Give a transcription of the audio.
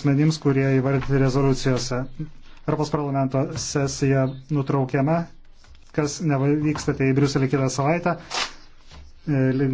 asmenims, kurie įvardyti rezoliucijose. Europos parlamento sesija nutraukiama, kas nevyksta tai į Briuselį kitą savaitę. E,